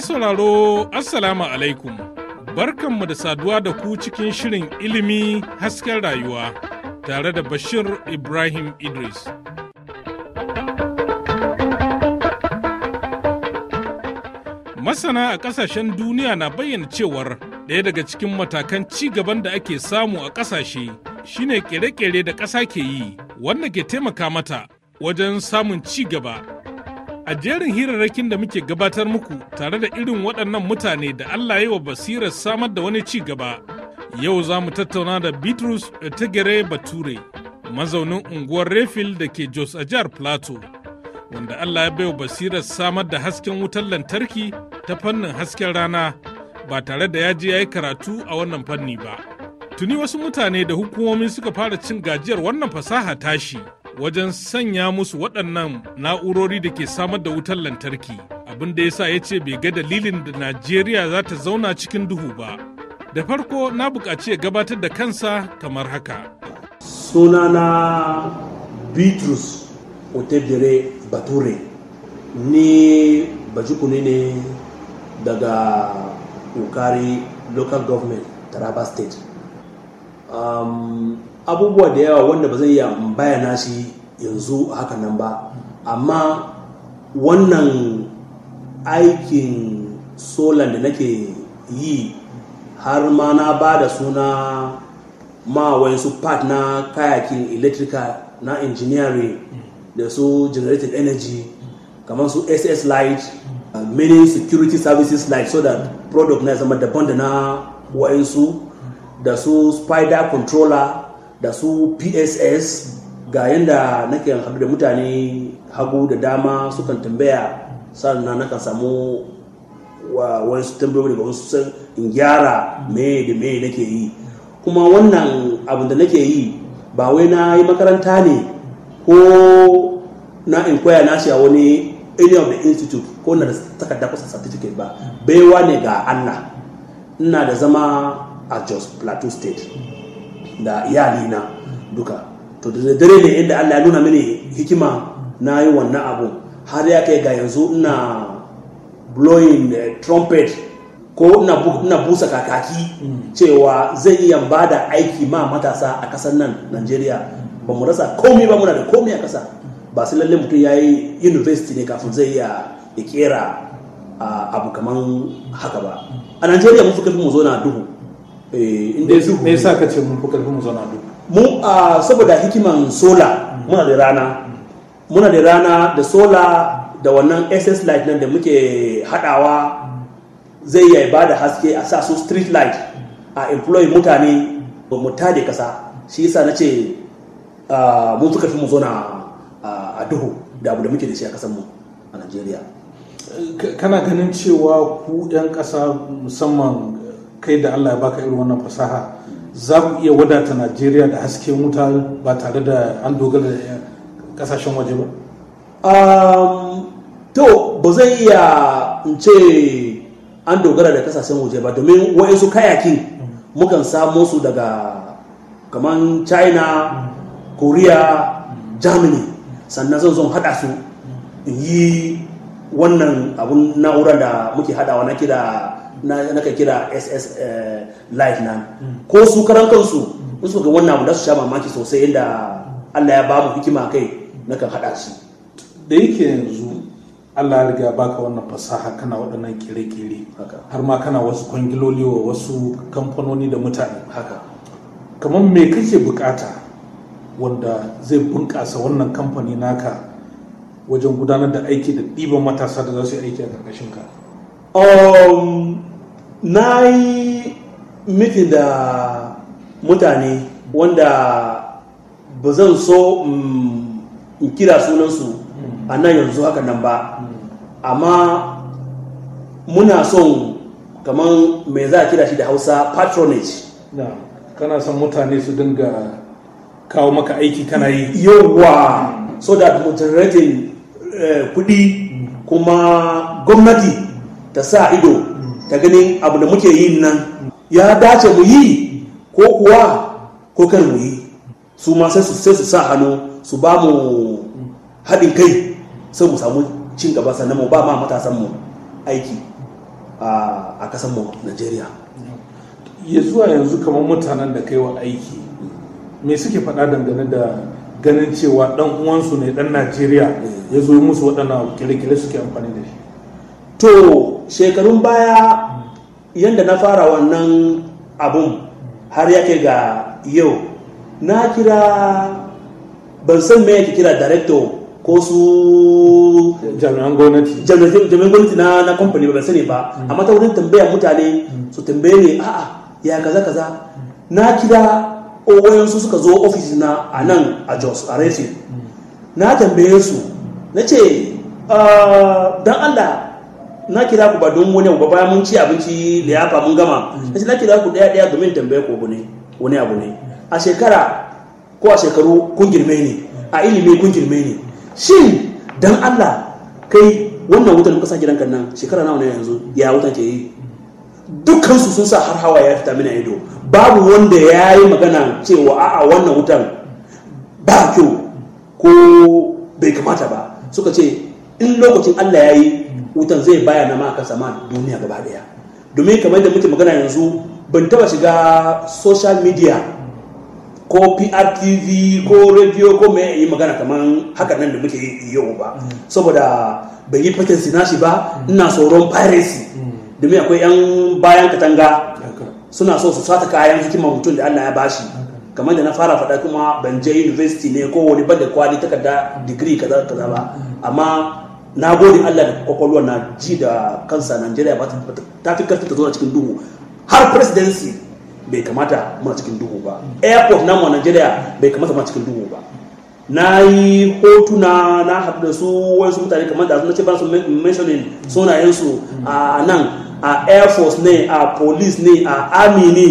sauraro Assalamu alaikum, barkanmu da saduwa da ku cikin shirin ilimi hasken rayuwa tare da Bashir Ibrahim Idris. Masana a ƙasashen duniya na bayyana cewar ɗaya daga cikin matakan ci gaban da ake samu a ƙasashe shine ƙere-ƙere da ƙasa ke yi wanda ke taimaka mata wajen samun ci gaba. A jerin hirarrakin da muke gabatar muku tare da irin waɗannan mutane da Allah yi wa basirar samar da wani ci gaba, yau za mu tattauna da Bitrus Tegere Bature, mazaunin unguwar Refil da ke Jos a jihar Plateau, wanda Allah ya bai wa basirar samar da hasken wutar lantarki ta fannin hasken rana ba tare da ya je ya yi karatu a wannan fanni ba. Tuni wasu mutane da hukumomi suka fara cin gajiyar wannan fasaha tashi. wajen sanya musu waɗannan na'urori da ke samar da wutar lantarki abin da yasa ya ce bai ga dalilin da najeriya za ta zauna cikin duhu ba da farko na buƙaci ya gabatar da kansa kamar haka sunana bitrus otebere bature ni bajukuni ne daga ukari local government taraba state Um, abubuwa da yawa wanda ba zai iya bayana shi yanzu haka nan ba amma wannan aikin solan da nake yi har ma na ba da suna ma wayansu part na kayakin electrical na engineering da su generated energy kamar su ss light many security services light so that product na zama daban da na wayansu da su spider controller da su pss ga yadda nake haɗu da mutane hagu da dama sukan tambaya sannan nakan samu wa wasu tambayoyi da wasu san in gyara me da me nake yi kuma wannan abin da nake yi ba wai na yi makaranta ne ko na inquire na shi a wani any of the institute ko na da takarda kusa certificate ba baiwa ne ga Allah ina da zama a jos plateau state da iyalina duka to da dare ne inda allah ya nuna mini hikima na yi wannan abu har ya kai ga yanzu ina blowing eh, trumpet ko ina busa kakaki cewa zai iya ba da aiki ma matasa a kasar nan nigeria ba mu rasa komi ba muna da komai a kasa ba sai lalle mutum ya yi university ne kafin zai iya ya kera ah, abu kaman haka ba a nigeria mun fi mu zo na duhu Eh, inda su me yasa ka ce mun fi mu zauna duhu mu a saboda hikiman sola muna da rana muna da rana da sola da wannan ss light nan da muke hadawa zai yi ba da haske a sa su street light a employ mutane ba mu tada kasa shi yasa na ce mun suka fi mu zo na a duhu da abu da muke da shi a kasan mu a Najeriya kana ganin cewa ku 'yan kasa musamman kai da Allah ya baka irin wannan fasaha za ku iya wadata Najeriya da hasken wuta ba tare da an dogara da kasashen waje ba? to ba zai iya in ce an dogara da kasashen waje ba domin waɗansu kayakin mukan samo su daga kamar china korea germany sannan zan zon hada su in yi wannan abun na'urar da muke hadawa na kira na ka kira ss eh, life na ko su karan kansu in su ga wannan abu da su sha mamaki sosai inda allah ya ba mu hikima kai na kan hada shi da yake yanzu allah ya riga baka wannan fasaha kana waɗannan kere-kere har ma kana wasu kwangiloli wa wasu kamfanoni da mutane kamar me kake bukata wanda zai bunkasa wannan kamfani naka wajen gudanar da aiki da ɗiban matasa da za su yi aiki a ƙarƙashin ka um, na yi mitin da mutane wanda ba zan so mm, in kira sunansu a nan yanzu haka nan ba amma muna son kamar mai za a kira shi da hausa patronage kana son mutane su dinga kawo maka aiki kana yi yawwa so that mutum uh, eh, kudi kuma gwamnati ta sa ido ta ganin abu da muke yin nan ya dace mu yi ko kuwa ko kar mu yi su ma sai su sa hannu su ba mu haɗin kai sai mu samu cin gaba sannan mu ba ma matasan mu aiki a ƙasar mu Najeriya ya zuwa yanzu kamar mutanen da kai wa aiki me suke faɗa dangane da ganin cewa ɗan uwansu ne ɗan Najeriya ya zo musu waɗannan kirkire suke amfani da shi to shekarun baya yadda na fara wannan abun har yake ga yau na kira ban san me yake kira director ko su jami'an gwamnati jami'an na na kamfani ba sani ba mm. A ta wurin tambaya mutane su tambaye ne a'a ya kaza kaza na kira su suka zo ofis na a nan a jos a mm. na tambaye su na ce ah, don allah na kira ku ba don wani abu ba mun ci abinci da yafa mun gama nace na kira ku daya daya domin tambaye ko ne wani abu ne a shekara ko a shekaru kun girme ne a ilimi kun girme ne shin dan Allah kai wannan wutan kasa gidan kan nan shekara nawa ne yanzu ya wutan ke yi dukkan su sun sa har hawa ya fita mina ido babu wanda ya yi magana cewa a'a wannan wutan ba kyau ko bai kamata ba suka ce in lokacin Allah ya yi wutan zai bayana ma maka sama duniya gaba daya domin kamar da muke magana yanzu ban taba shiga social media ko PRTV ko radio ko mai yi magana kamar haka nan da muke yi yau ba saboda ban yi fakin sinashi ba ina tsoron piracy domin akwai 'yan bayan katanga suna so su sata kayan hikimar mutum da Allah ya bashi kamar da na fara faɗa kuma ban je university ne ko wani ban da kwali takarda digiri kaza kaza ba amma na gode Allah da kwakwalwa na ji da kansa Najeriya ba ta fi karfi ta zo cikin duhu har presidency bai kamata ma cikin duhu ba airport na mu Najeriya bai kamata ma cikin duhu ba na yi hotuna na haɗu da su wasu mutane kamar da na ce ba su mentioning sunayensu a nan a air force ne a police ne a army ne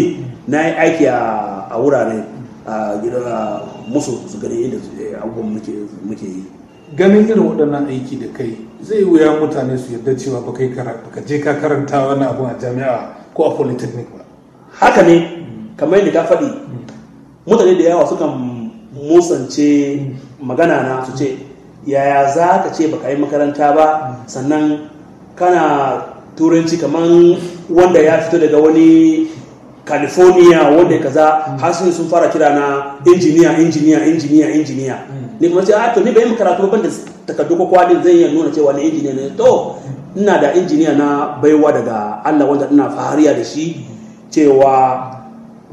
na yi aiki a wurare a musu su gani inda eh, abubuwan muke yi ganin irin waɗannan aiki da kai zai wuya mutane su yarda cewa ba kai ka je ka karanta wani abu a jami'a ko a polytechnic ba haka ne kamar yadda ka faɗi mm. mutane da yawa sukan musance mm. magana na su ce yaya za ka ce ba ka yi makaranta ba mm. sannan kana turanci kamar wanda ya fito daga wani california wanda kaza har sun sun fara kira na injiniya injiniya injiniya injiniya ne kuma sai a ah, to ni bai mu karatu ban da takardu ko kwadin zai iya nuna cewa ni injiniya ne to ina da injiniya na baiwa daga Allah wanda ina fahariya da shi cewa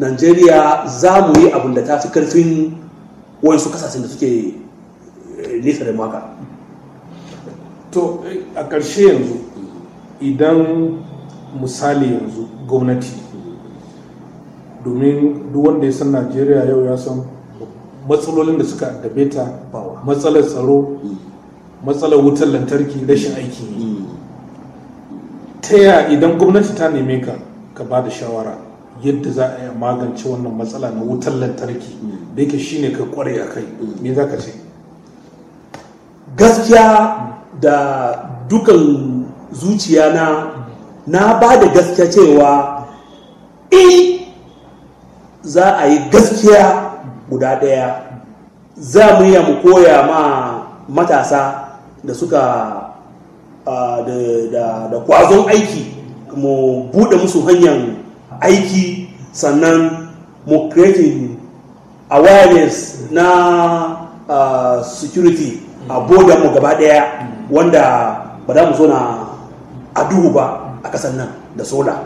Najeriya za mu yi abin da ta fi karfin wasu kasashen da suke eh, nesa da maka to eh, a ƙarshe yanzu idan misali yanzu gwamnati domin duk wanda ya san najeriya yau ya san matsalolin da suka addabe ta matsalar tsaro mm. matsalar wutar lantarki rashin aiki mm. ta ya idan gwamnati ta neme ka ka ba da shawara yadda za a magance wannan matsala na wutar lantarki mm. da yake shine ka kware a kai me za ka ce gaskiya da dukan zuciya na na ba da gaskiya cewa E. za a yi gaskiya guda ɗaya za mu iya mu koya ma matasa da suka da kwazon aiki mu buɗe musu hanyar aiki sannan mu creating awareness na uh, security a mu gaba ɗaya wanda ba za mu zo na a duhu ba a kasan nan da sola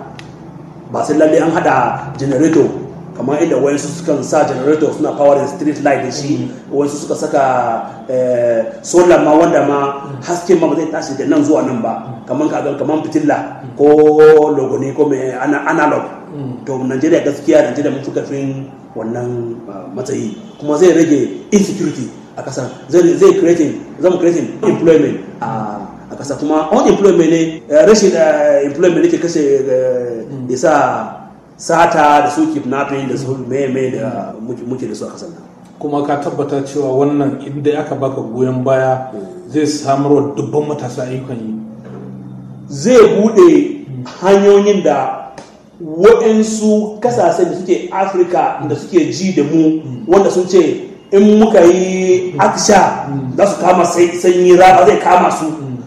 ba sai lalle an haɗa generator kamar inda wayansu suka sa generator suna in street light da shi wayansu suka saka eh, solar ma wanda ma haske ma ba zai tashi da nan zuwa nan ba kamar kagal kamar fitilla ko logoni ko mai analog to Najeriya gaskiya Najeriya mun fi wannan ah, matsayi kuma zai rage insecurity a kasa zai creating zama creating employment a kasa kuma employment ne eh, rashin eh, employment ne ke kashe sa. sata da su kidnapping da su meme da muke da su a kasar nan kuma ka tabbata cewa wannan inda aka baka goyon baya zai samarwa dubban matasa ayyukan yi zai bude hanyoyin da waɗansu kasashen da suke afirka da suke ji da mu wanda sun ce in muka yi aksha za su kama sanyi raba zai kama su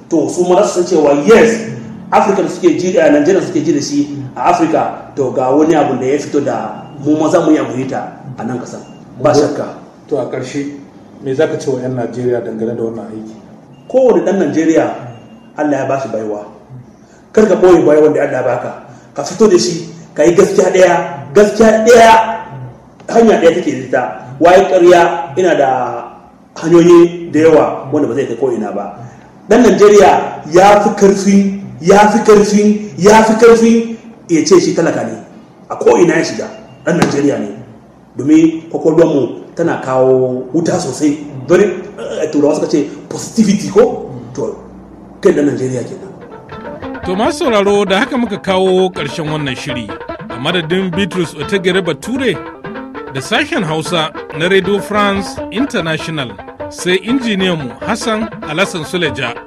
to su ma za su san cewa yes afirka da suke ji a eh, najeriya suke ji da shi a afirka to ga wani abu da ya fito da mu maza mu yi ta a nan kasar ba shakka to a ƙarshe me za ka ce wa 'yan najeriya dangane da wannan aiki kowane ɗan najeriya allah ya ba shi baiwa kar ka ɓoye baya wanda allah ya baka ka fito da shi ka yi gaskiya ɗaya gaskiya ɗaya hanya ɗaya take da ta waye ƙarya ina da hanyoyi da yawa wanda ba zai kai ko'ina ba ɗan najeriya ya fi karfi ya fi karfin ya fi karfin ya ce shi talaka ne a ko'ina ya shiga ɗan najeriya ne domin kwakwalwarmu tana kawo wuta sosai don eh, turawa suka ce positivity ko to kai ɗan najeriya kenan to masu sauraro da haka muka kawo ƙarshen wannan shiri a madadin bitrus otagere bature da sashen hausa na radio france international sai injiniyanmu hassan alassan suleja